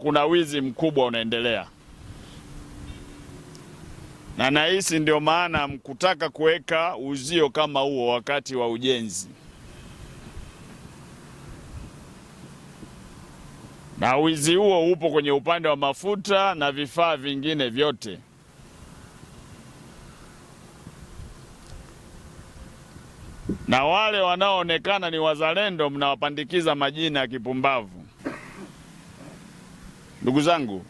Kuna wizi mkubwa unaendelea, na nahisi ndio maana mkutaka kuweka uzio kama huo wakati wa ujenzi, na wizi huo upo kwenye upande wa mafuta na vifaa vingine vyote. Na wale wanaoonekana ni wazalendo mnawapandikiza majina ya kipumbavu. Ndugu zangu,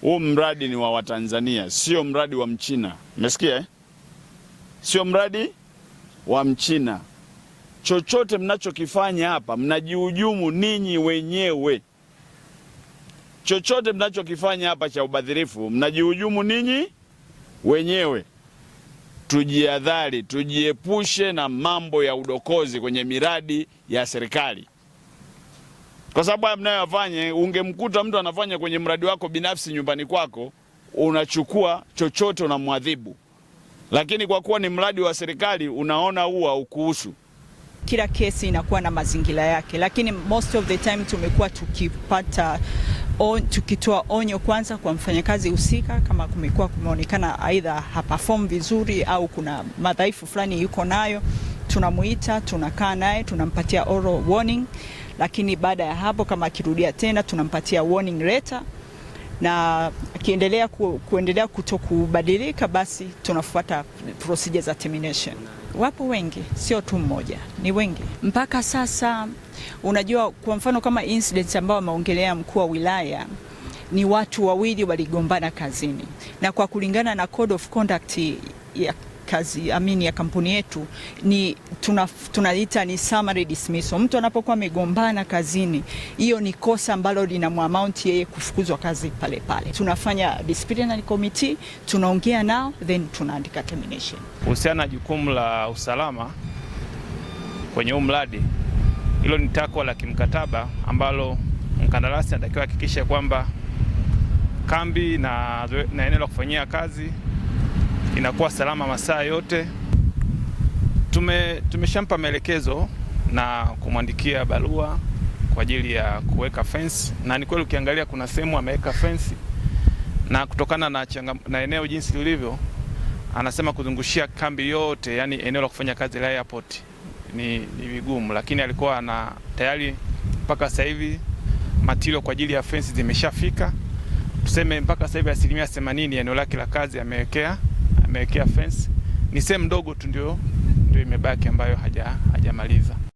huu mradi ni wa Watanzania, sio mradi wa Mchina. Umesikia eh? Sio mradi wa Mchina. Chochote mnachokifanya hapa mnajihujumu ninyi wenyewe. Chochote mnachokifanya hapa cha ubadhirifu mnajihujumu ninyi wenyewe. Tujihadhari, tujiepushe na mambo ya udokozi kwenye miradi ya serikali kwa sababu haya mnayoyafanya, ungemkuta mtu anafanya kwenye mradi wako binafsi nyumbani kwako, unachukua chochote unamwadhibu, lakini kwa kuwa ni mradi wa serikali unaona huu haukuhusu. Kila kesi inakuwa na mazingira yake, lakini most of the time tumekuwa tukipata on, tukitoa onyo kwanza kwa mfanyakazi husika, kama kumekuwa kumeonekana aidha haperform vizuri au kuna madhaifu fulani yuko nayo, tunamuita, tunakaa naye, tunampatia oral warning lakini baada ya hapo kama akirudia tena tunampatia warning letter, na akiendelea ku, kuendelea kutokubadilika basi tunafuata procedure za termination. Wapo wengi, sio tu mmoja, ni wengi mpaka sasa. Unajua, kwa mfano kama incidents ambao ameongelea mkuu wa wilaya ni watu wawili waligombana kazini, na kwa kulingana na code of conduct ya kazi amini ya kampuni yetu ni tuna, tunaita ni summary dismissal. Mtu anapokuwa amegombana kazini, hiyo ni kosa ambalo linamwamount yeye kufukuzwa kazi pale pale. Tunafanya disciplinary committee, tunaongea nao then tunaandika termination. Kuhusiana na jukumu la usalama kwenye huu mradi, hilo ni takwa la kimkataba ambalo mkandarasi anatakiwa hakikisha kwamba kambi na, na eneo la kufanyia kazi inakuwa salama masaa yote. Tume, tumeshampa maelekezo na kumwandikia barua kwa ajili ya kuweka fence, na ni kweli ukiangalia kuna sehemu ameweka fence, na kutokana na, changa, na eneo jinsi lilivyo anasema kuzungushia kambi yote, yani eneo la kufanya kazi la airport ni, ni vigumu, lakini alikuwa na tayari mpaka sasa hivi matilo kwa ajili ya fence zimeshafika. Tuseme mpaka sasa hivi asilimia 80 ya eneo lake la kazi amewekea tumewekea fence. Ni sehemu ndogo tu ndio ndio imebaki ambayo hajamaliza haja